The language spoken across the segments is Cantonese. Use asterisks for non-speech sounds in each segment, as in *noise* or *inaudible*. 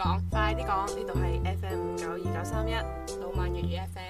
講說快啲講，呢度係 FM 五九二九三一，老萬粵語 FM。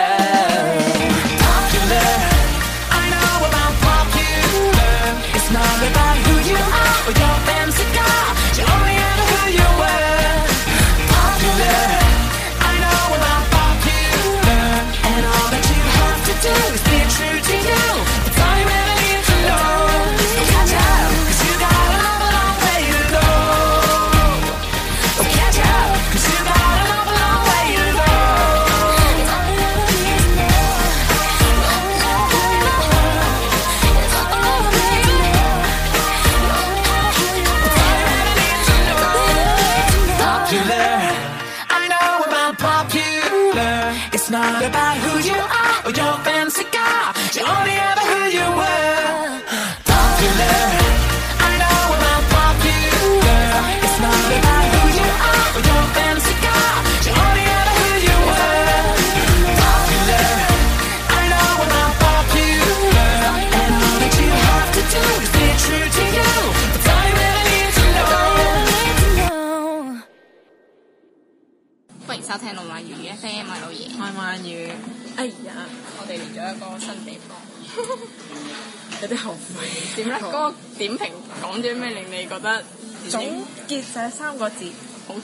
有啲後悔，點咧 *laughs* 呢？嗰好個點評講咗咩令你覺得？總結這三個字好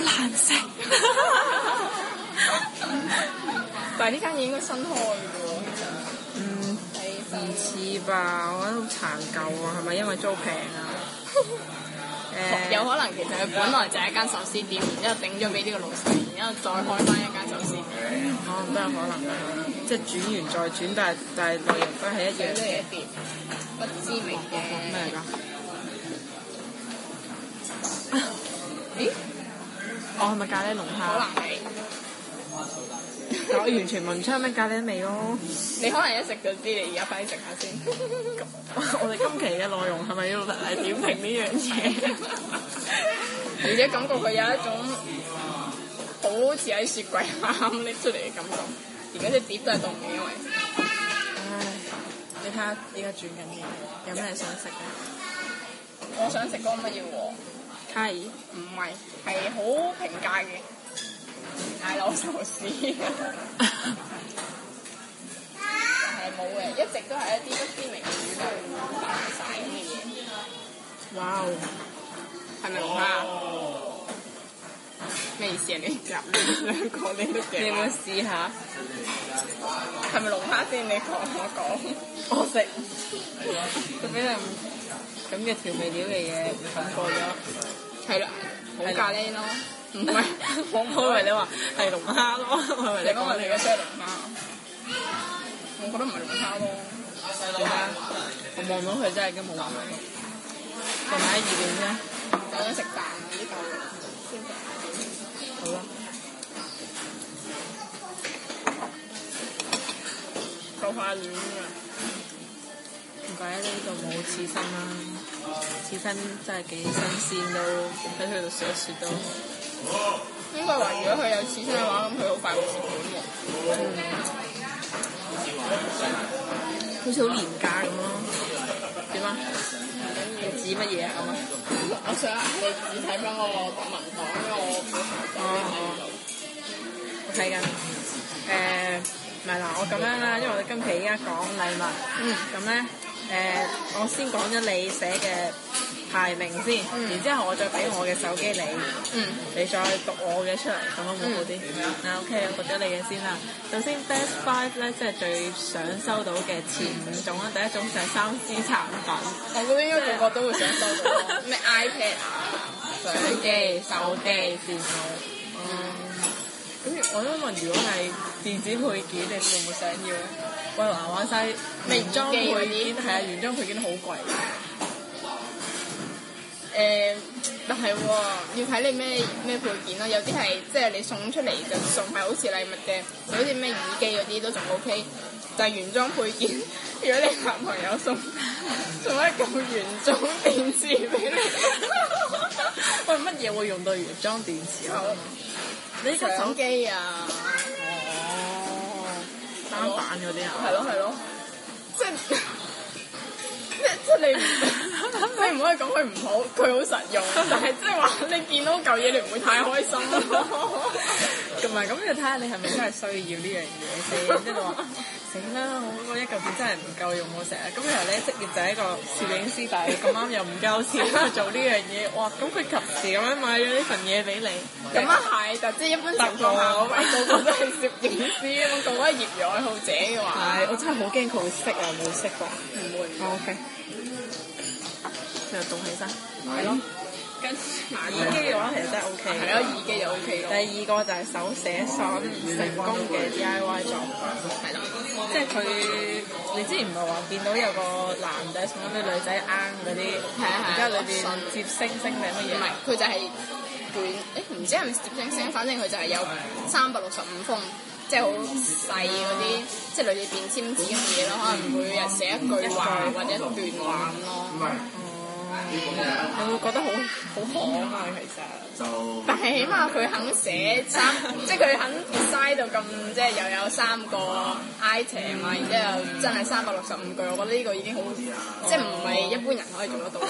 難食。 *laughs* *laughs* *laughs* 但係呢間嘢應該新開嘅喎。其實嗯，唔似吧？我覺得好殘舊啊，係咪因為租平啊？ *laughs* 欸、有可能其實佢本來就係一間壽司店，然之後頂咗俾呢個老細，然之後再開翻一間壽司店。哦，都有可能，即係轉完再轉，但係但係內容都係一樣。都有啲不知名嘅咩㗎？咦、啊？我係咪咖喱龍蝦？可能係。你完全聞唔出咩咖喱味咯，你可能一食就知，你而家快食下先。咁，我哋今期嘅內容係咪要嚟點評呢樣嘢？而 *laughs* 且 *laughs* 感覺佢有一種、啊、好似喺雪櫃啱啱拎出嚟嘅感覺，而家啲碟都係凍嘅，因為。唉，你睇下依家轉緊嘢，有咩想食咧？嗯、我想食嗰個乜嘢喎？係、哎，唔係，係好平價嘅。大佬壽司，但係冇嘅，一直都係一啲不知名嘅魚嚟，洗面。哇哦，係咪龍蝦？未試呢？講你都幾？你有冇試下，係咪龍蝦先？你講我講，我食。咁嘅調味料嘅嘢過咗，係啦，好咖喱咯。唔係，我唔好以為你話係龍蝦咯。你講話你嘅咩龍蝦？我覺得唔係龍蝦咯。我望到佢真係都冇眼睇。仲有一二點啫。講緊食蛋啊！啲狗肉。好啦。高價魚啊！唔係咧，就冇刺身啦。刺身真係幾新鮮都，喺佢度雪一雪都。應該話，如果佢有刺身嘅話，咁佢好快回本喎。嗯，好似好廉價咁咯，點啊？唔要指乜嘢啊嘛？我想你指睇翻個文檔，因為我我睇緊。唔係嗱，我咁樣啦，因為我哋今期依家講禮物，嗯，咁咧。誒，我先講咗你寫嘅排名先，然之後我再俾我嘅手機你，你再讀我嘅出嚟，咁好唔好啲？嗱，OK，我讀咗你嘅先啦。首先，best five 咧，即係最想收到嘅前五種啦。第一種就係 3C 產品，我覺得應該每個都會想收到咩 iPad，相機、手機、電腦。哦，咁我想問，如果係電子配件，你會唔會想要咧？貴啦，玩曬原裝配件，係啊，原裝配件都好貴。誒，但係要睇你咩咩配件咯，有啲係即係你送出嚟就送係好似禮物嘅，就好似咩耳機嗰啲都仲 OK。但係原裝配件，如果你男朋友送，送一個原裝電池俾你？喂，乜嘢會用到原裝電池啊？你呢個手機啊？膠板嗰啲啊，係咯係咯，即係即係你， *laughs* 你唔可以講佢唔好，佢好實用， *laughs* 但係即係話你見到嚿嘢你唔會太開心咯，同埋咁要你睇下你係咪真係需要呢樣嘢先，即係話。 *laughs* 啦，我覺得一嚿錢真係唔夠用，我成日咁然後咧，職業就係一個攝影師，但係咁啱又唔夠錢做呢樣嘢，哇！咁佢及時咁樣買咗呢份嘢俾你，咁啊係，就即係一般情況下，嗯、我個個都係攝影師，咁講開業餘愛好者嘅話，係，我真係好驚佢會識啊，冇識過，唔會，O K，又動起身，係、oh, okay. 嗯、咯。跟耳機嘅話其實都係 O K，係咯耳機又 O K 咯。第二個就係手寫信成功嘅 D I Y 作品，係啦，即係佢你之前唔係話見到有個男仔送啲女仔啱嗰啲，係啊係啊，之後裏面接星星定乜嘢？唔係，佢就係卷，誒唔知係咪接星星，反正佢就係有三百六十五封，即係好細嗰啲，即係類似便簽紙咁嘅嘢咯。可能每日寫一句話或者一段話咁咯。你會覺得好好可啊嘛，其實，但係起碼佢肯寫三，即係佢肯嘥到咁，即係又有三個 item 啊，然之後真係三百六十五句，我覺得呢個已經好，即係唔係一般人可以做得到咯。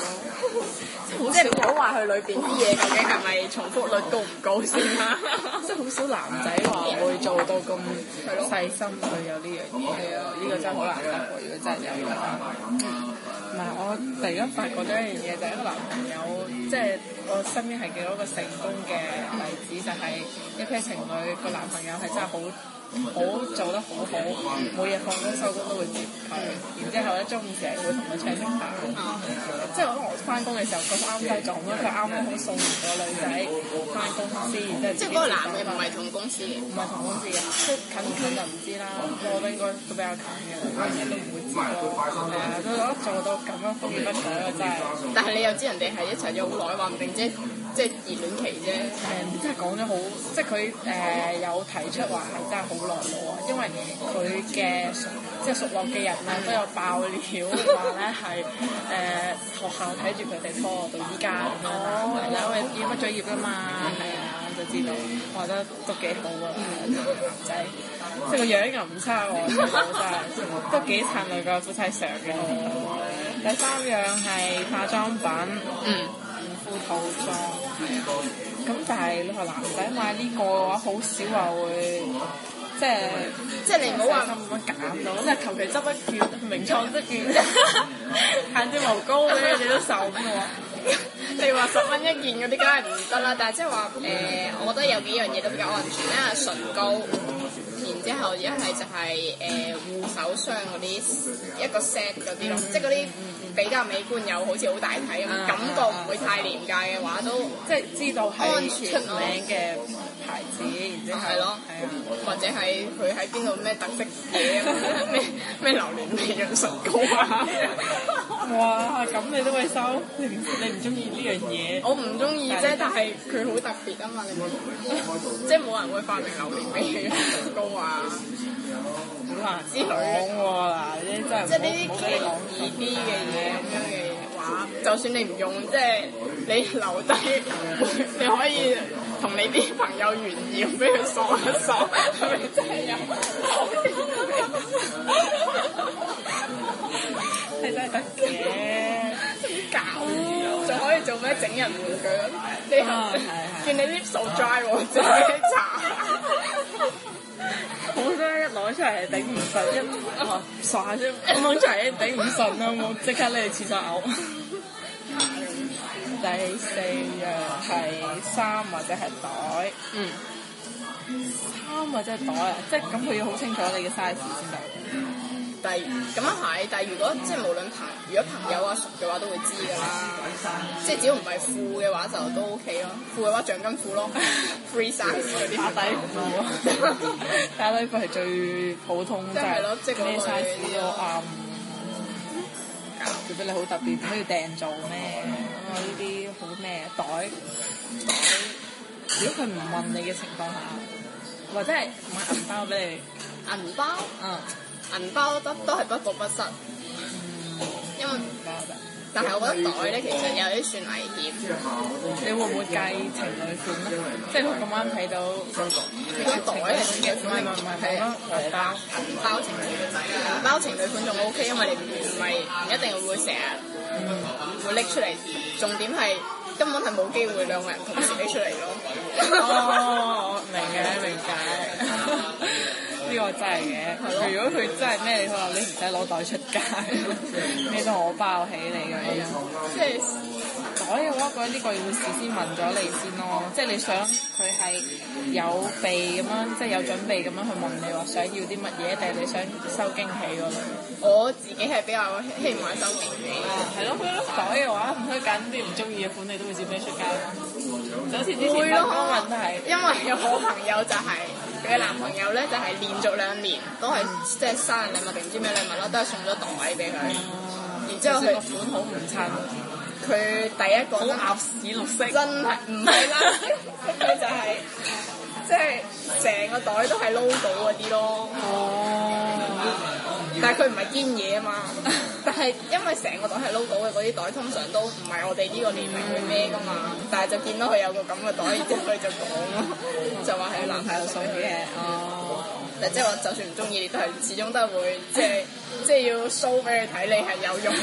即係唔好話佢裏邊啲嘢究竟係咪重複率高唔高先啦。即係好少男仔話會做到咁細心佢有呢樣嘢。係啊，呢個真係好難得，如果真係有嘅話。唔係、嗯，我突然間發覺咗一樣嘢，就係一個男朋友，即係。我身邊係幾多個成功嘅例子，就係、是、一 pair 情侶個男朋友係真係好，好做得好好，每日放工收工都會接佢，然之後咧中午時係會同佢 check in 即係我我返工嘅時候咁啱都係撞啦，佢啱啱好送完個女仔返公司，即係嗰個男嘅唔係同公司，唔係同公司嘅，即係近唔近就唔知啦，不過應該都比較近嘅，我家都唔會知咯。係啊、嗯，都覺得做到咁樣風雨不爽、嗯、真係的！但係你又知人哋係一齊咗好耐，話唔定。即即係熱戀期啫，誒、嗯，即係講咗好，即係佢誒有提出話係真係好耐冇，因為佢嘅即係熟絡嘅人咧都有爆料話咧係誒學校睇住佢哋拖到依家咁樣啦，哦嗯、因為點乜畢咗業啊嘛，係、嗯、啊，就知道，我覺得都幾好啊，男仔、嗯，即係個樣又唔差喎，我真係都幾襯女個夫妻相嘅。嗯、第三樣係化妝品。嗯套裝，咁但係你話男仔買呢個嘅話，好少話會即係即係你唔好話咁樣揀到，即係求其執一件名創一件眼睫毛膏嗰啲你都受嘅喎， *laughs* 你話十蚊一件嗰啲梗係唔得啦，但係即係話誒，我覺得有幾樣嘢都比較安全咧，唇膏。然之後一、就是，一係就係誒護手霜嗰啲，一個 set 嗰啲咯，嗯、即係嗰啲比較美觀又好似好大體咁，嗯、感覺唔會太廉價嘅話，都即係知道係安全出名嘅牌子，然之後係、就、咯、是，係、啊、或者係佢喺邊度咩特色嘢咩咩榴蓮味潤唇膏啊～ *laughs* 哇，咁你都係收？你唔，你中意呢樣嘢？我唔中意啫，但係佢好特別啊嘛！你， *laughs* 即係冇人會發明手機俾你。糕話，好難講喎，嗱，呢啲真係好難講二 D 嘅嘢咁樣嘅話，就算你唔用，即係你留低， *laughs* *laughs* 你可以同你啲朋友炫耀俾佢爽一爽，係咪先啊？ *laughs* *laughs* 得嘅，點搞？仲可以做咩整人玩具咯？ *laughs* 你見你 lips so dry 喎，真係搽。好多 *laughs* 一攞出嚟係頂唔順，一啊傻下先，掹出嚟頂唔順好，冇即刻匿去廁所嘔。 *laughs* *laughs* 第四樣係衫或者係袋， *noise* 嗯，衫或者係袋啊，即係咁佢要好清楚你嘅 size 先得。咁啊係，但係如果即係無論朋，如果朋友啊熟嘅話，都會知噶啦。啊、即係只要唔係褲嘅話，就都 OK 咯。褲嘅話，橡筋褲咯，free size 嗰啲。打底褲咯，底褲係最普通，即係咯，即係咩 size 都啱。覺得、啊嗯、你好特別？做乜要訂做咩？我呢啲好咩袋？袋，袋如果佢唔問你嘅情況下，或者係買銀包俾你。 *laughs* 銀包，嗯。銀包得都係不過不失，因為但係我覺得袋咧其實有啲算危險。你會唔會計情侶款咧？即係我咁啱睇到，你果袋嚟嘅，唔係唔係情係，袋的包情侶款仲 O K，因為你唔係唔一定會成日會拎出嚟，重點係根本係冇機會兩個人同時拎出嚟咯。啊、我 *laughs* 哦，我明嘅，明解。呢個真係嘅，的如果佢真係咩，可能 *laughs* 你唔使攞袋出街，咩 *laughs* 都我包起你咁 *laughs* 樣，即係。哎、我又覺得覺得呢個要事先問咗你先咯，即係你想佢係有備咁樣，即係有準備咁樣去問你話想要啲乜嘢，定係你想收驚喜嗰種？我自己係比較希望收驚喜，係咯、嗯嗯、想所以話唔可以揀啲唔中意嘅款，你都會接唔出街。問問題會咯，因為有好朋友就係佢嘅男朋友咧，就係連續兩年都係即係生日禮物，定唔知咩禮物咯，都係送咗袋俾佢，嗯、然之後佢、嗯這個款好唔襯。佢第一個鴨屎綠色真係唔係啦，佢 *laughs* *laughs* 就係即係成個袋都係 logo 嗰啲咯。哦，但係佢唔係堅嘢啊嘛，oh. 但係 *laughs* 因為成個袋係 logo 嘅嗰啲袋，通常都唔係我哋呢個年齡去孭㗎嘛，但係就見到佢有個咁嘅袋，然之後佢就講咯，就話係男朋友送嘅。哦。 *laughs* oh. 即係我就算唔中意，都係始終都係會，即係即係要 show 俾佢睇，你係有用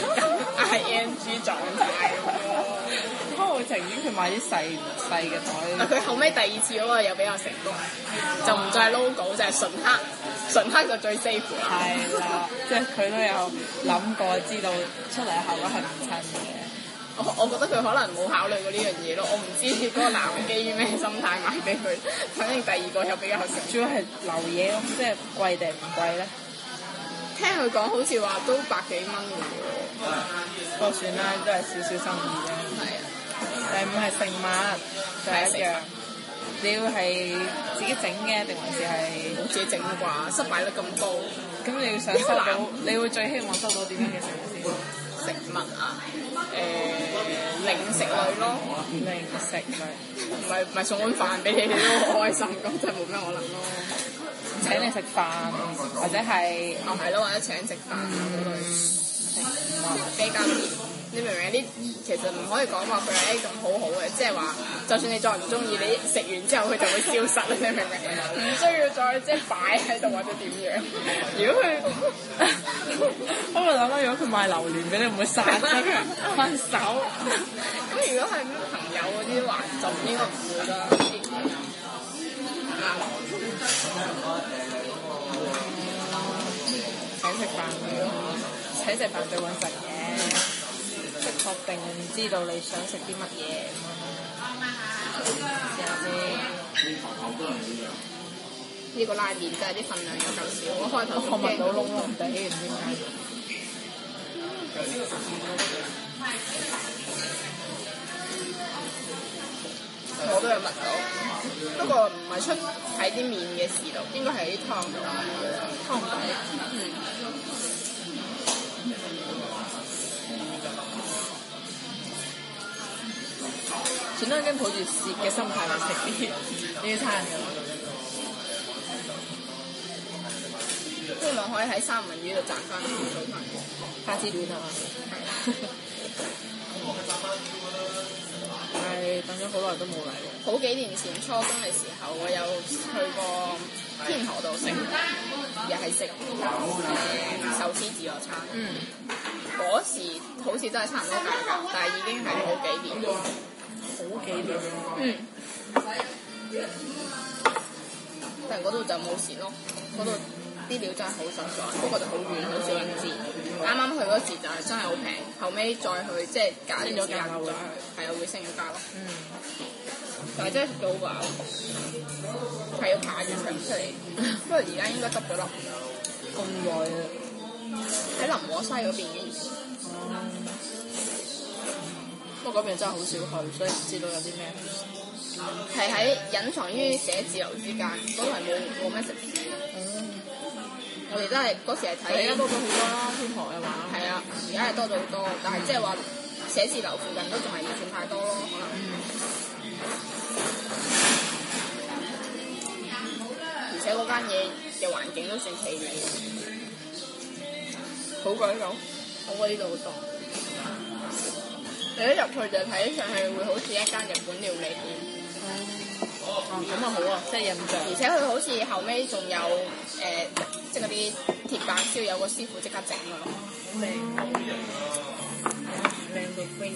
緊 ING 狀態喎。我情願佢買啲細細嘅袋。佢、啊、後尾第二次嗰個又比較成功，啊、就唔再 logo，就係純黑，純黑就最 safe。係啦、啊，即係佢都有諗過，知道出嚟效果係唔襯嘅。我我覺得佢可能冇考慮過呢樣嘢咯，我唔知嗰個男嘅基於咩心態買俾佢，反正第二個又比較好食，主要係流嘢咯，即係貴定唔貴咧？聽佢講好似話都百幾蚊嘅，不過算啦，算都係少少心意啫。係啊、嗯，誒唔係成晚，就係一樣，你要係自己整嘅定還是係？我自己整嘅啩，失敗率咁高，咁你要想收到，你會最希望收到點樣嘢先？食物啊，誒零食類咯，零食類，唔係，唔係送碗飯俾你，你都好開心，咁就冇咩可能咯。請你食飯，或者係，哦係咯，或者請食飯，比較。你明唔明呢，其實唔可以講話佢係一種好好嘅，即係話，就算你再唔中意，你食完之後佢就會消失，你明唔明？唔需要再即係擺喺度或者點樣。如果佢， *laughs* 我咪諗啦， *laughs* 如果佢賣榴蓮俾你，唔會殺咗佢？分手。咁如果係朋友嗰啲話，就應該唔會啦。請食飯對，請食飯對換神嘅。確定唔知道你想食啲乜嘢。呢個拉麪，真係啲份量有夠少。嗯，我開頭我聞到窿窿地，唔知點解。我都有聞到，不過唔係出喺啲麵嘅事度，應該係啲湯度。湯底嗯。本身已經抱住蝕嘅心態嚟食呢啲呢餐，希望可以喺三文魚度賺翻啲早餐。花枝卷啊！唉、 *laughs* 哎，等咗好耐都冇嚟。好幾年前初中嘅時候，我有去過天河度食，又係食壽司自助餐。嗯，嗰時好似真係差唔多價格，但係已經係好幾年。好幾年，嗯，但係嗰度就冇事咯，嗰度啲料真係好實在，不過就好遠，好少人知。啱啱去嗰時就係真係好平，後尾再去即係價跌咗價再去，係啊會升一啲價咯。嗯，但係真係食到飽，係要排住長出嚟，不過而家應該執咗笠，咁耐啦。喺林和西嗰邊已經不過嗰邊真係好少去，所以唔知道有啲咩。係喺隱藏於寫字樓之間，都係冇冇咩食，我哋都係嗰時係睇。而家，多咗好多啦，天河嘅話。係啊，而家係多咗好多，但係即係話寫字樓附近都仲係唔算太多咯，可能。嗯。而且嗰間嘢嘅環境都算企理，好鬼、這個、好過，我覺得呢度好凍。佢一入去就睇上去會好似一間日本料理店。哦，咁啊好啊，即係印象。而且佢好似後尾仲有誒，即係嗰啲鐵板燒有個師傅即刻整嘅咯。好味，靚到飛。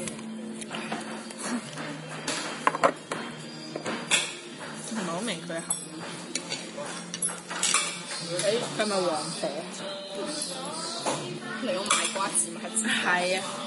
唔係好明佢。誒，係咪黃貨？嚟講賣瓜子嗎？係啊。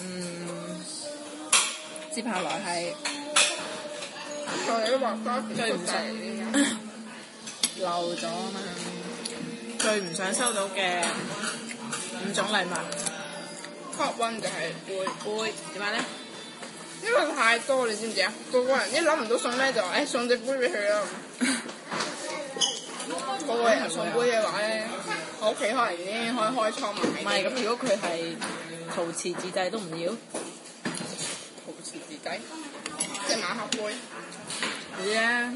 嗯，接下來係再嚟一萬加，最唔想漏咗啊嘛！最唔想收到嘅五種禮物，Top one 就係杯杯，點解咧？因為太多你知唔知啊？個個人一諗唔到送咩就，誒送隻杯俾佢啦。個個人係送杯嘅話咧。我屋企可能已經，開開倉買。唔係，咁如果佢係陶瓷自製都唔要。陶瓷自製？即係馬克杯。係、哎、 *laughs* 啊，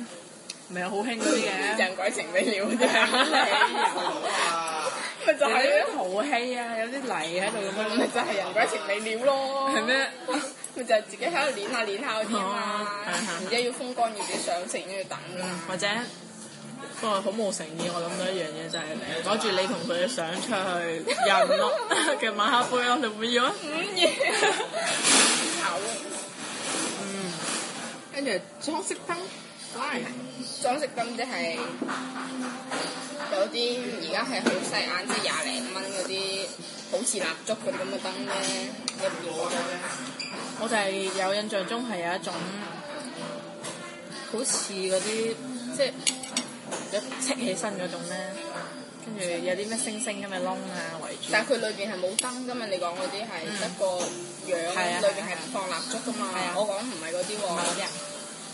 唔係好興嗰啲嘅。人鬼情未了真係。咪就係啲陶器啊，有啲泥喺度咁，咪就係、是、人鬼情未了咯。係咩嗎？咪 *laughs* 就係自己喺度捻下捻下嘅添啊。而家、啊、要風乾，要自己上成，要等㗎或者。嗯啊不過好冇誠意，我諗到一樣嘢就係攞住你同佢嘅相出去印咯，跟住馬克杯我哋唔要啊，唔 *laughs* 要。 *laughs* *laughs* 嗯，跟住裝飾燈，wow. 裝飾燈即係有啲而家係好細眼，即係廿零蚊嗰啲好似蠟燭咁嘅燈啫。一我就係有印象中係有一種好似嗰啲即係。就是一砌起身嗰種咧，跟住有啲咩星星咁嘅窿啊圍住，但係佢裏邊係冇燈噶嘛。你講嗰啲係得個樣，裏邊係唔放蠟燭噶嘛。啊、我講唔係嗰啲喎，啊、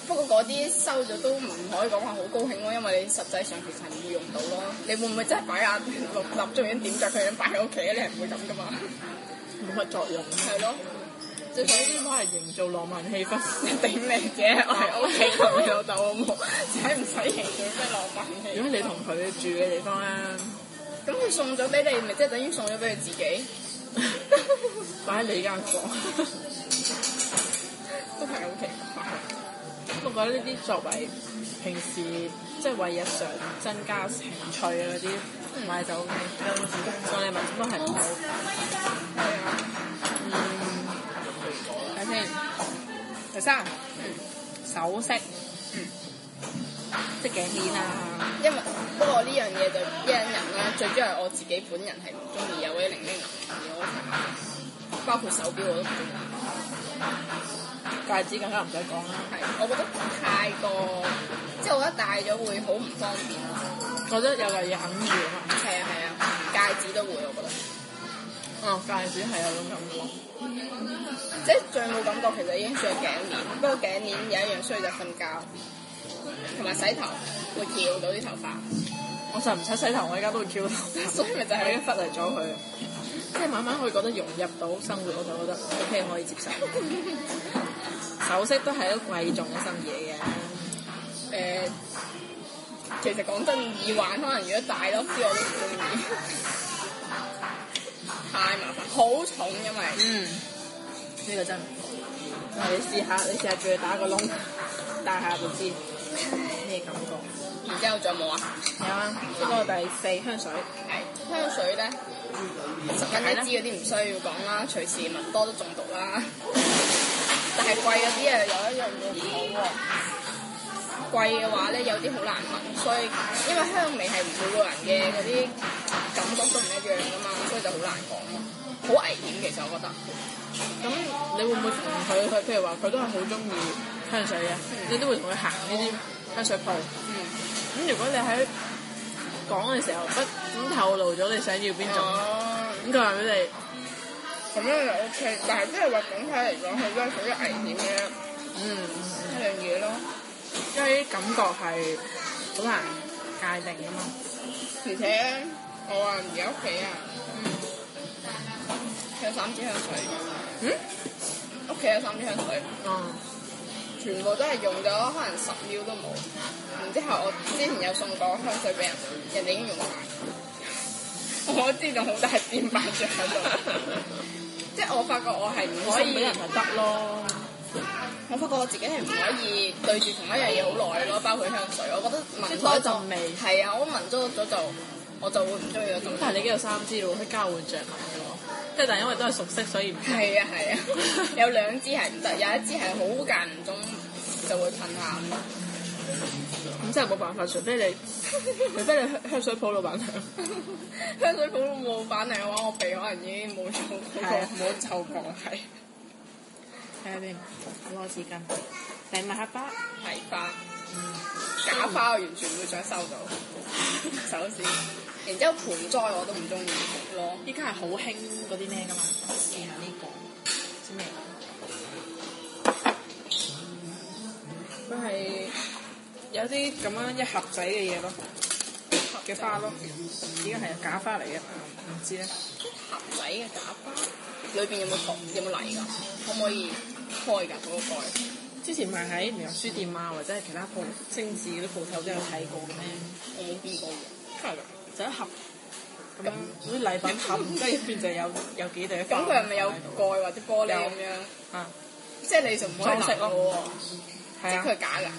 不過嗰啲收咗都唔可以講話好高興咯，因為你實際上其實唔會用到咯。你會唔會真係擺下蠟燭咁點着？佢咁擺喺屋企咧？你係唔會咁噶嘛，冇乜 *laughs* 作用。係咯。使啲花嚟營造浪漫氣氛，頂 *laughs* 你嘅！我係屋企同你老竇，使唔使營造咩浪漫氣氛？如果你同佢住嘅地方啦。咁佢 *laughs* 送咗俾你，咪即係等於送咗俾佢自己。擺 *laughs* 喺 *laughs* 你間房，都係好奇怪。我覺得呢啲作為平時即係、就是、為日常增加情趣嘅嗰啲，唔係就 O K。送禮物都係唔好。 *music* 第三，嗯，首飾，嗯，即係頸鏈啊。因為不過呢樣嘢就因人咧，最主要係我自己本人係唔中意，有啲零零零嘅嘢，包括手錶我都唔中意，戒指更加唔使講啦。係，我覺得太過，即係我覺得戴咗會好唔方便咯。我覺得有嚿嘢哽住啊。係啊係啊，戒指都會，我覺得。哦，戒指係有種感覺，嗯、即係最冇感覺，其實已經算係頸鏈。不過頸鏈有一樣需要就瞓覺，同埋洗頭會翹到啲頭髮。我就唔使洗頭，我而家都會翹頭。所以咪就係忽略咗佢，即係慢慢可以覺得融入到生活，我就覺得 OK 可以接受。 *laughs* 首飾都係一貴重嘅生意嚟嘅，誒、呃，其實講真，耳環可能如果大粒啲，我都唔中意。 *laughs* 太麻煩，好重，因為嗯呢、呢個真好、啊，你試下你試下，再打個窿，戴下就知咩感覺。然之後仲、嗯、對有冇啊？有啊，呢個第四，香水。嗯、香水咧十蚊一支嗰啲唔需要講啦，嗯、隨時聞多都中毒啦。 *laughs* 但係貴嗰啲啊，有一樣嘢唔好喎。貴嘅話咧，有啲好難聞，所以因為香味係每個人嘅嗰啲感覺都唔一樣噶嘛，所以就好難講咯，好危險其實我覺得。咁你會唔會同佢，譬如話佢都係好中意香水呀，嗯、你都會同佢行呢啲香水鋪？嗯。咁如果你喺講嘅時候不透露咗你想要邊種，咁佢話俾你。咁咧 OK，但係即係話總體嚟講，佢都係屬於危險嘅嗯，一樣嘢咯。因為啲感覺係好難界定㗎嘛，而且咧，我啊而家屋企啊，有三支香水。嗯？屋企有三支香水。啊、嗯。全部都係用咗可能十秒都冇，然之後我之前有送過香水俾人，人哋已經用曬， *laughs* 我支仲好大罐擺住喺度。 *laughs* *laughs* 即係我發覺我係唔可以送俾人就得咯。我發覺我自己係唔可以對住同一樣嘢好耐咯，包括香水，我覺得聞多就係啊！我聞咗咗就我就會唔中意嗰種。但係你已經有三支了，可以交換着買咯。即係但因為都係熟悉，所以唔係啊！係啊！有兩支係唔得， *laughs* 有一支係好間唔中就會噴下。咁 *laughs* 真係冇辦法，除非你除非你香水鋪老闆、香水鋪老闆娘嘅 *laughs* 話，我鼻可能已經冇咗嗰個冇嗅覺喺邊攞紙巾？兩萬盒包提花，假花我完全唔會再收到手指。然之後盆栽我都唔中意咯。依家係好興嗰啲咩㗎嘛？試下呢個，知咩？都係有啲咁樣一盒仔嘅嘢咯，盒嘅花咯。而家係假花嚟嘅，唔知咧。盒仔嘅假花，裏邊有冇糖？有冇泥㗎？可唔可以？開噶嗰個蓋，之前唔係喺明同書店啊，或者係其他鋪、精致嗰啲鋪頭都有睇過嘅咩？我見過，真係噶，就一盒咁，嗰啲禮品盒出邊就有有幾對。咁佢係咪有蓋或者玻璃咁樣？啊，即係你仲唔好食咯？即係佢係假噶？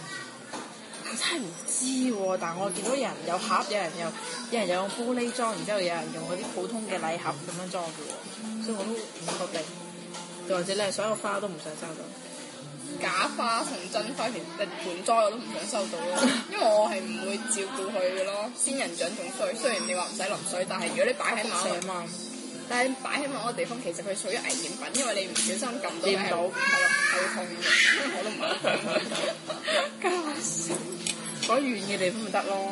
我真係唔知喎，但我見到有人有盒，有人又有人用玻璃裝，然之後有人用嗰啲普通嘅禮盒咁樣裝嘅喎，所以我都唔確定。又或者你所有花都唔想收到，假花同真花，連盆栽我都唔想收到咯，因為我係唔會照顧佢嘅咯。仙人掌仲衰，雖然你話唔使淋水，但係如果你擺喺某、哦、嘛，但係擺喺某個地方，其實佢屬於危險品，因為你唔小心撳到係好痛，我到、哎、都唔好搞笑，擺遠嘅地方咪得咯。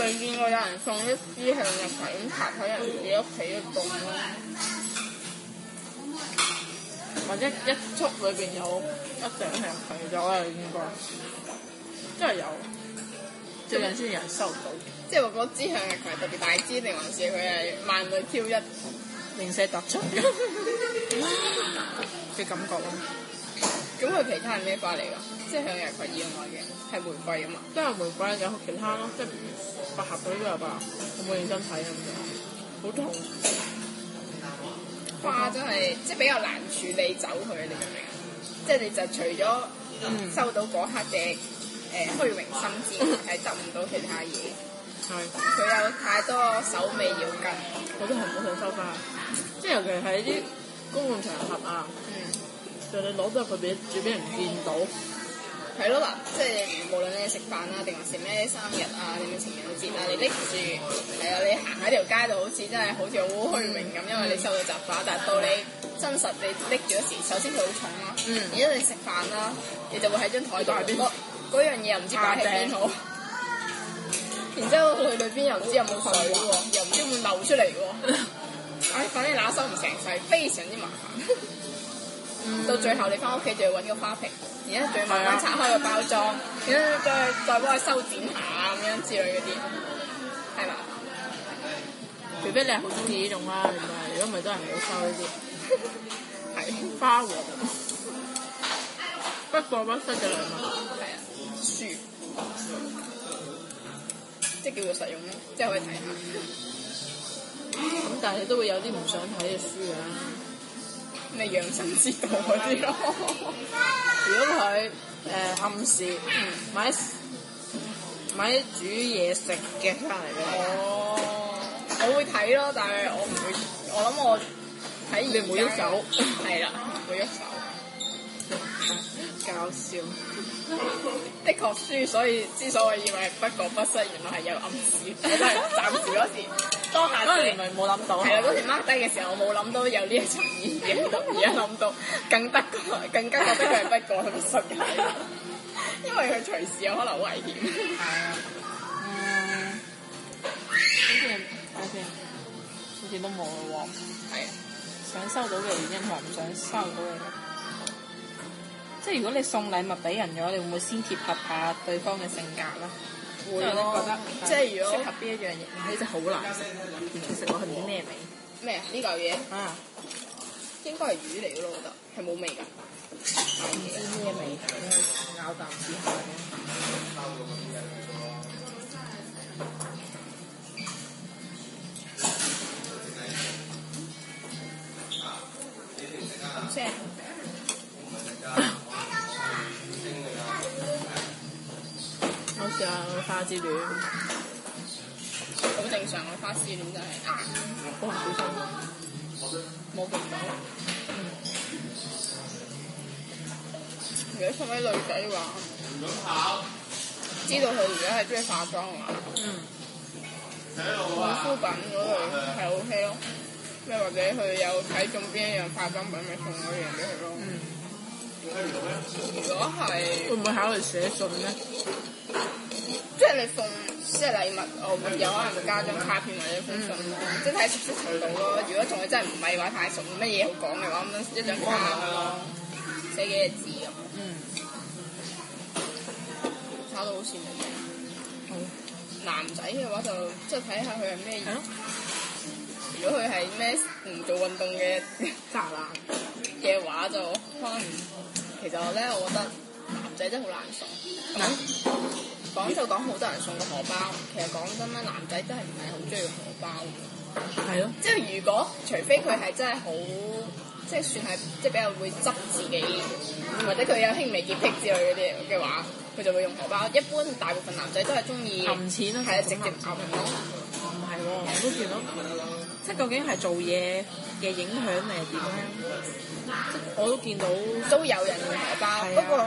未見過有人送一支向日葵，咁插喺人自己屋企都凍咯。或者一束裏邊有一朵向日葵，就我又見過，真係有，最近先有人收到，嗯、 *noise* 即係話嗰支向日葵特別大支，定還是佢係萬里挑一零舍突出嘅嘅感覺咯。咁佢其他係咩花嚟噶？即係向日葵以外嘅，係玫瑰啊嘛。都係玫瑰有其他咯，即係百合都有吧？我冇認真睇咁啊，好痛！花真係即係比較難處理走佢，你明唔明？即係、嗯、你就除咗收到嗰刻嘅誒、呃、虛榮心之外，係執唔到其他嘢。係。佢有太多手尾要跟，我都係唔想收花。即係尤其喺啲公共場合啊。就你攞咗入去俾住俾人見到。係咯、嗯，嗱、嗯，即係無論你食飯啊，定還是咩生日啊，你係情人節啊，你拎住，係啊，你行喺條街度，好似真係好似好虛榮咁，因為你收到習慣。但到你真實地拎住嗰時，首先佢好重啦。嗯。而家你食飯啦，你就會喺張台度。嗰嗰樣嘢又唔知擺喺邊好。然之後佢裏邊又唔知有冇、嗯、水喎，嗯、又唔知會漏出嚟喎。唉、 *laughs* 哎，反正揦手唔成世，非常之麻煩。嗯、到最後你翻屋企就要揾個花瓶，而家仲要慢慢拆開個包裝，而家、啊、再再幫佢修剪下咁樣之類嗰啲，係嘛？除非你係好中意呢種啦、啊，唔係如果唔係都係唔好收呢啲。係花喎，不過不失嘅禮物。係啊，書，即係叫做實用咯，即係可以睇下。咁、嗯、但係都會有啲唔想睇嘅書嘅、啊。咩養神之道嗰啲咯， *laughs* 如果佢誒暗示買買煮嘢食嘅翻嚟咧，我會睇咯，但係我唔會，我諗我睇你每一手。係啦、嗯， *laughs* 每一手。搞笑， *laughs* 的確輸，所以之所以以為不過不失，原來係有暗示。指。 *laughs* 暫時嗰時，當下嗰原咪冇諗到。係啊、 *laughs* 嗯，嗰時掹低嘅時候，我冇諗到有呢一層意義，而家諗到更得，更，得更得不更加覺得佢係不過不失。 *laughs* *laughs* 因為佢隨時有可能好危險。係啊，嗯，好似，等下先，好似都冇啦喎。啊、欸，對想收到嘅原因，唔唔想收到嘅。 *laughs* *laughs* 即係如果你送禮物俾人嘅話，你會唔會先貼合下對方嘅性格啦？會。即係如果適合邊一樣嘢？你就好難食。食落去啲咩味？咩啊？呢嚿嘢啊，應該係魚嚟嘅咯，我覺得係冇味㗎。咩味？咬啖試下先。即係。有花之戀，好正常咯，花之戀都係。我唔小心，冇見到。如果送俾女仔嘅話，唔想跑。知道佢而家係鍾意化妝係嘛？嗯。護膚品嗰類係 OK 咯，即係或者佢有睇中邊一樣化妝品，咪送嗰樣咯。嗯。如果係，會唔會考慮寫信咧？即係你送即係禮物哦，有可能加張卡片或者封信，即係睇熟唔熟程度咯。如果仲係真係唔係話太熟，乜嘢好講嘅話，咁樣一張卡咁咯，寫幾隻字咁。嗯。差到好似唔同。好。男仔嘅話就即係睇下佢係咩。嚇？如果佢係咩唔做運動嘅宅男嘅話就可能。其實咧，我覺得男仔真係好難送。講就講好多人送個荷包，其實講真啦，男仔真係唔係好鍾意荷包。係咯了。即係如果除非佢係真係好，即係算係即係比較會執自己，或者佢有輕微潔癖之類嗰啲嘅話，佢就會用荷包。一般大部分男仔都係鍾意揜錢咯、啊，整揜錢。唔係喎，我都見到。了即係究竟係做嘢嘅影響定係點樣？嗯、即我都見到都有人用荷包，啊、不過。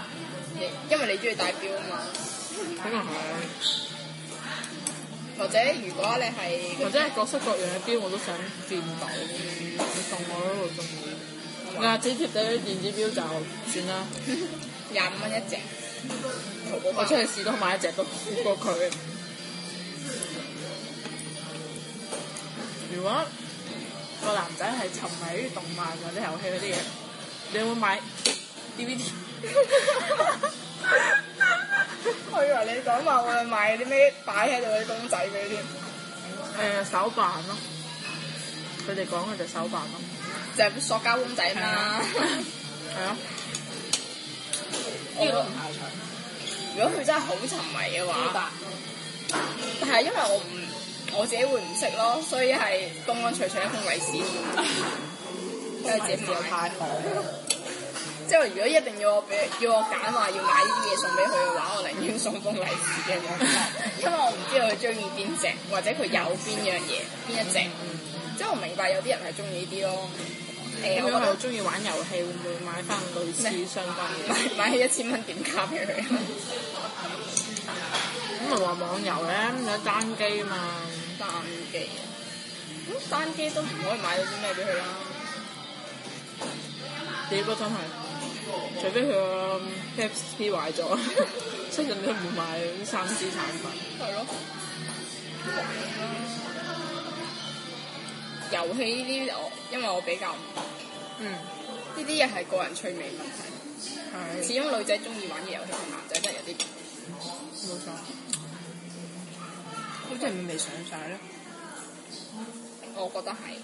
因為你中意戴表啊嘛，咁又係。或者如果你係，或者各式各樣嘅表我都想見到，你送我都會送。牙齒、嗯、貼底嘅電子表就算啦，廿五蚊一隻。 *laughs* 我出去試都買一隻都好過佢。 *laughs* 如果個男仔係沉迷於動漫或者、這個、遊戲嗰啲嘢，你會買 DVD？ *laughs* 我以為你講話會買啲咩擺喺度嗰啲公仔畀佢。誒手辦咯，佢哋講佢就手辦咯，就係塑膠公仔嘛，係咯吧。呢個都唔太長。如果佢真係好沉迷嘅話，但係因為我唔，我自己會唔識咯，所以係公安除除一分遺屎，因為自己又太好。 *laughs* 即係如果一定要我俾叫我揀話要買呢啲嘢送俾佢嘅話，我寧願送封利是嘅樣，因為我唔知道佢中意邊隻，或者佢有邊樣嘢邊一隻。一嗯嗯、即係我明白有啲人係中意呢啲咯。咁樣好中意玩遊戲，會唔會買翻類似相關嘅買一千蚊點卡俾佢？咁咪係話網遊咧、啊，有單機啊嘛單機、嗯，單機。咁單機都唔可以買到啲咩俾佢啦。屌，真係。除非佢個 PSP 壞咗，所以都唔買啲三 C 產品。係咯了。玩嗯、遊戲呢啲我因為我比較，嗯，呢啲嘢係個人趣味問題。係是。始終女仔中意玩嘅遊戲同男仔都係有啲。冇錯。咁即係咪未想晒咧？我覺得係，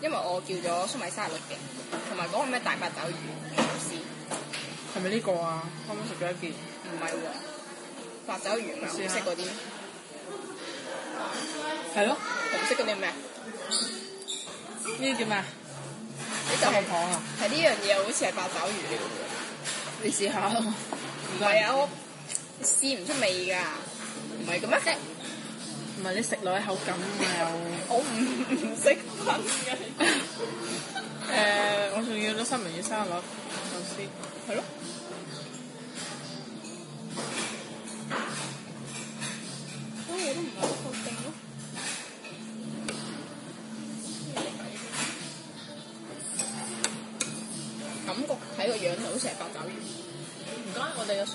因為我叫咗粟米沙律嘅，同埋嗰個咩大八爪魚係咪呢個啊？啱啱食咗一件，唔係喎，八爪魚藍色嗰啲，係咯，紅色嗰啲咩？呢啲叫咩？呢豆腐糖啊？係呢樣嘢好似係八爪魚嚟嘅，你試下咯。唔係啊，我試唔出味㗎，唔係嘅咩？唔係你食落口感啊嘛又。我唔唔識分㗎。誒，我仲要咗三文魚沙律。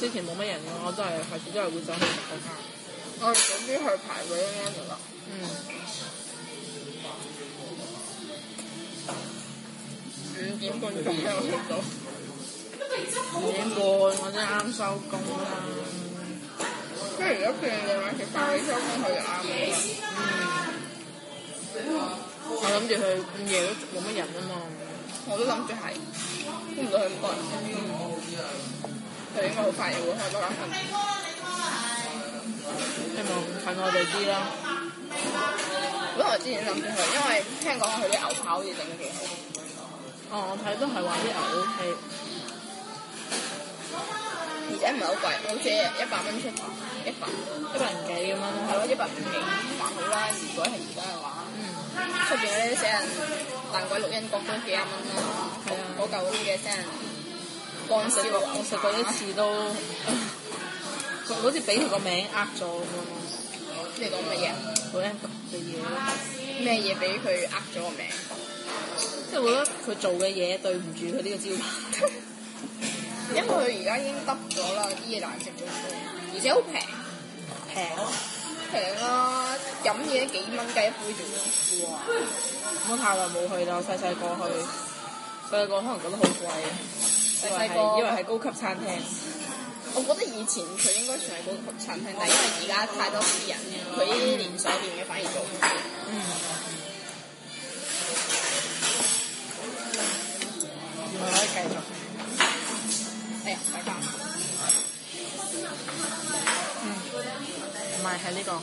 之前冇乜人嘅，我都係係始終係會走去食嗰間。我早啲去排位啦，就啦。嗯。五點半先有去到。五點半，我都啱收工啦。即係如果佢哋晚上翻嚟收工，佢就啱啦。嗯。我諗住去午夜都冇乜人啊嘛。我都諗住係，估唔到佢咁多人。佢應該好快嘅，會開多間分店。希望近我哋啲啦。嗰陣我之前諗住去，因為聽講佢啲牛扒好似整得幾好。哦，我睇都係話啲牛 OK。而且唔係好貴，好似一百蚊出頭，一百一百零幾咁樣咯。係咯，一百零幾還好啦。如果係而家嘅話，出邊嗰啲聲但鬼錄音各款幾廿蚊啊，嗰嚿好嘅聲。我食過，我食過一次都， *laughs* 好似俾佢個名呃咗咁樣咯。即係講乜嘢？好難就要咩嘢俾佢呃咗個名？即係我覺得佢做嘅嘢對唔住佢呢個招牌， *laughs* 因為佢而家已經得咗啦，啲嘢難食咗好多，而且好平，平宜，平啦、啊！飲嘢都幾蚊雞一杯就夠啦。咁哇 *laughs* 太耐冇去啦，細細過去，細細個可能覺得好貴。以為係以為係高級餐廳，我覺得以前佢應該算係高級餐廳，但因為而家太多私人，佢啲連鎖店嘅反而多。嗯。好，繼續。哎呀，拜拜。唔係喺呢個。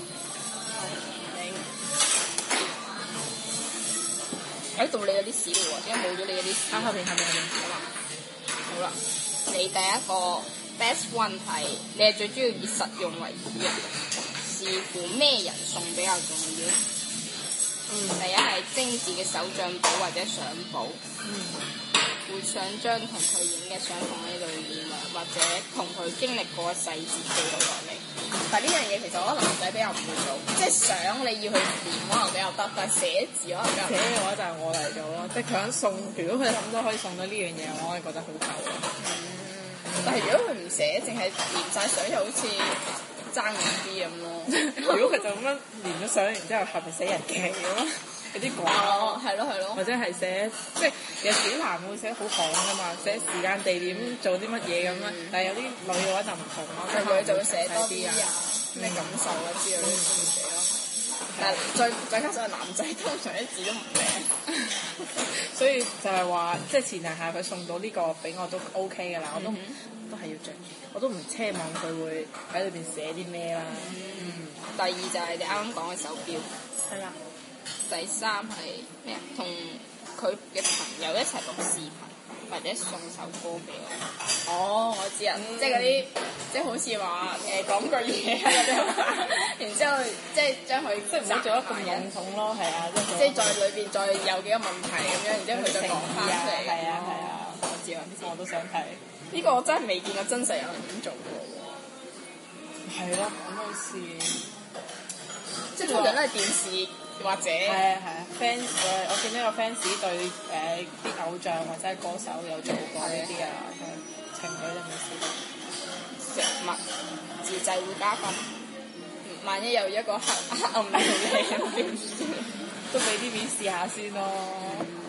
哎、欸，到你有啲事嘞喎，點解冇咗你有啲？啊，後面後面後面，好好啦，你第一個 best one 係你係最主要以實用為主，視乎咩人送比較重要。嗯，第一係精致嘅手帳簿或者相簿，嗯，會想將同佢影嘅相放喺裏面啊，或者同佢經歷過嘅細節記錄落嚟。但呢樣嘢其實我覺得男仔比較唔會做，即係相你要去連，可能比較得，但寫字可能比較。寫嘅話就係我嚟做咯， *laughs* 即係佢想送，如果佢諗到可以送到呢樣嘢，我係覺得好夠、嗯。嗯，但係如果佢唔寫，淨係連晒相，又好似爭啲咁咯。如果佢就咁樣連咗相，然之後下邊寫人名咁。 *laughs* *laughs* 有啲講，係咯係咯，或者係寫，即係有時啲男會寫好講噶嘛，寫時間地點做啲乜嘢咁樣，但係有啲女嘅話就唔同咯，女就會寫多啲啊咩感受啊之類嗰啲咯。但係再再加上男仔通常一字都唔寫，所以就係話即係前提下佢送到呢個俾我都 OK 噶啦，我都都係要著，我都唔奢望佢會喺裏邊寫啲咩啦。嗯，第二就係你啱啱講嘅手錶，係啦。第三係咩啊？同佢嘅朋友一齊錄視頻，或者送首歌俾我。哦，我知啊，即係嗰啲，即係好似話誒講句嘢啊，然之後即係將佢即係唔好做得咁認同咯，係啊，即係即係在裏邊再有幾個問題咁樣，然之後佢就講翻出嚟，係啊係啊，我知啊，其實我都想睇，呢個我真係未見過真實有人點做過喎。係咯，講到線，即係最近都係電視。或者係啊，係啊 fans 誒，粉絲我見到有 fans 對誒啲、呃、偶像或者係歌手有做過呢啲啊，情緒上面嘅食物自製會加分，萬一有一個黑黑暗嘅人都俾啲面試下先咯，哦。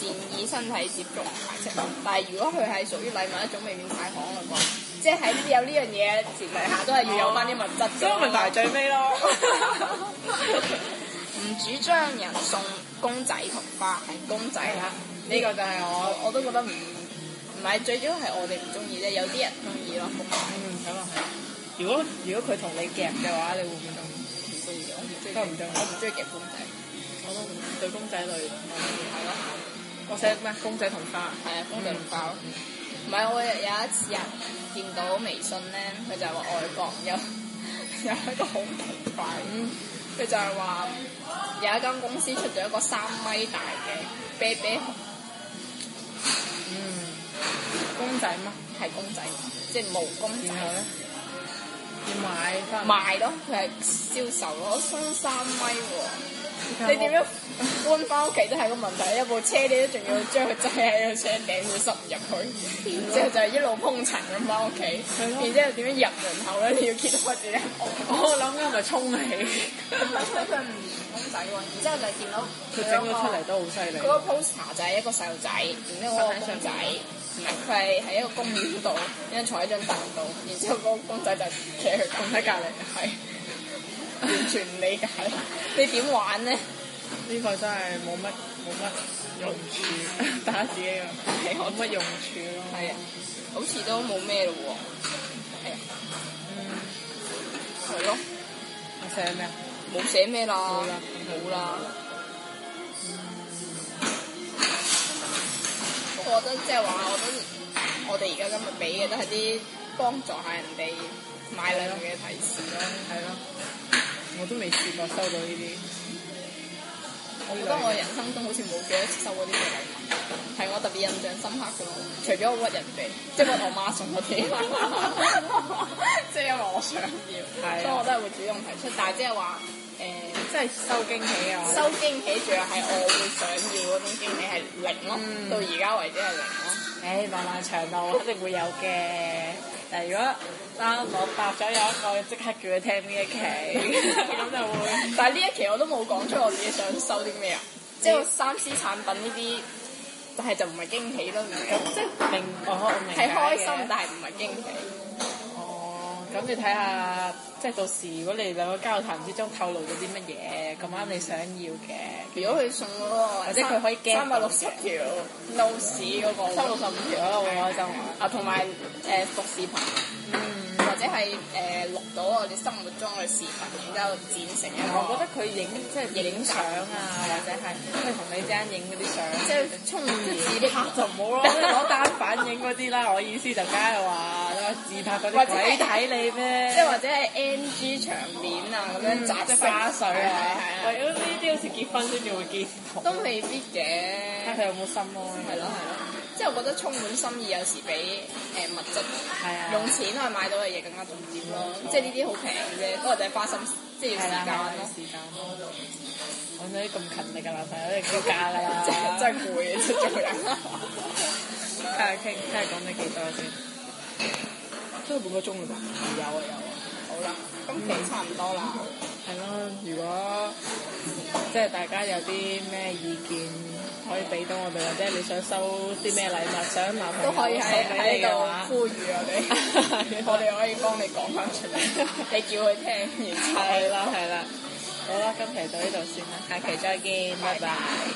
建議身體接觸唔排斥，但係如果佢係屬於禮物一種，未免太可嘞喎。即係喺有呢樣嘢前提下，都係要有翻啲物質。呢、哦、個問題最尾咯，唔主張人送公仔同花公仔啦。呢、這個就係我我都覺得唔唔係最主要係我哋唔中意啫，有啲人中意咯。嗯，咁又係。如果如果佢同你夾嘅話，你會唔會唔唔中意？ *noise* 我唔中，我唔中意夾公仔，我都對公仔類唔中意睇咯。 *noise* *noise* *noise* *noise* 或者咩公仔同花？係啊，公仔同花唔係、嗯，我有一次啊，見到微信咧，佢就係話外國有 *laughs* 有一個好奇怪，咁佢、嗯、就係話有一間公司出咗一個三米大嘅啤啤熊。嗯，公仔嘛，係公仔，即係毛公仔。然後咧，要買翻的。賣咯的，佢係銷售咯，充三米喎。你點樣搬翻屋企都係個問題，一部車你都仲要將佢擠喺個車頂，會塞唔入去，面之後就係一路風塵咁翻屋企，了然之後點樣入門口咧？你要結乜嘢？我我諗緊咪沖起，因為佢唔係公仔喎，然之後就見到，佢整咗出嚟都好犀利。嗰個 poster 就係一個細路仔，然之後我係細路仔，唔係佢係喺一個公園度，佢 *laughs* 坐喺張凳度，然之後個公仔就企佢 *laughs* 坐喺隔離係。 *laughs* 完全唔理解 *laughs* 你，你點玩咧？呢個真係冇乜冇乜用處，打自己嘅冇乜用處咯。係啊，好似都冇咩咯喎。係啊，嗯，係咯。寫咩冇寫咩啦，冇啦。我覺得即係話，我覺得我哋而家今日俾嘅都係啲幫助下人哋買禮物嘅提示咯。係咯，啊。我都未試過收到呢啲，嗯、我覺得我人生中好似冇幾多收過呢啲禮物，係我特別印象深刻嘅咯。除咗屈人哋，即係我媽送嗰啲，即係因為我想要，所以、啊、我都係會主動提出。但係即係話，誒、呃，即係收驚喜啊！收驚喜仲要係我會想要嗰種驚喜係零咯，嗯、到而家為止係零咯。誒、欸，漫漫長路一定 *laughs* 會有嘅。但如果三六八咗有一個，即刻叫佢聽呢一期，咁就會。但係呢一期我都冇講出我自己想收啲咩啊，嗯、即係三 C 產品呢啲，但係就唔係驚喜咯，咁即係明哦，我明係開心，但係唔係驚喜。咁你睇下，即係到時如果你兩個交談之中透露咗啲乜嘢，咁啱你想要嘅。如果佢送嗰個，或者佢可以 g 三,三百六十條老鼠嗰個，三百六十五條，那個，對，我都好開心啊，同埋誒服飾品。嗯或者係誒錄到我哋心目中嘅視頻，然之後剪成嘅。我覺得佢影即係影相啊，或者係去同你之間影嗰啲相，即係充滿，即係自拍就唔好咯，攞單反影嗰啲啦。我意思就梗係話自拍嗰啲鬼睇你咩？即係或者係 NG 場面啊，咁樣砸啲花絮啊。係啊係啊，呢啲好似結婚先至會見。都未必嘅，睇佢有冇心咯。係咯係咯。即係我覺得充滿心意有時比誒物質用錢可以買到嘅嘢更加重要咯，嗯、即係呢啲好平嘅啫，不過就係花心思，即係要時間咯。揾到啲咁勤力嘅男朋友都係超假㗎啦，真係攰啊出嚟。係，繼續，繼續講得幾多先？都半個鐘啦吧？有啊有啊。好啦、嗯，咁其實差唔多啦。係咯，如果即係大家有啲咩意見可以俾到我哋，或者的你想收啲咩禮物， *laughs* 想男朋友送俾你嘅話，都可以喺喺度呼籲我哋，我哋可以幫你講翻出嚟， *laughs* 你叫佢聽完。係啦， *laughs* 係啦，好啦，今期到呢度算啦， *laughs* 下期再見，拜拜。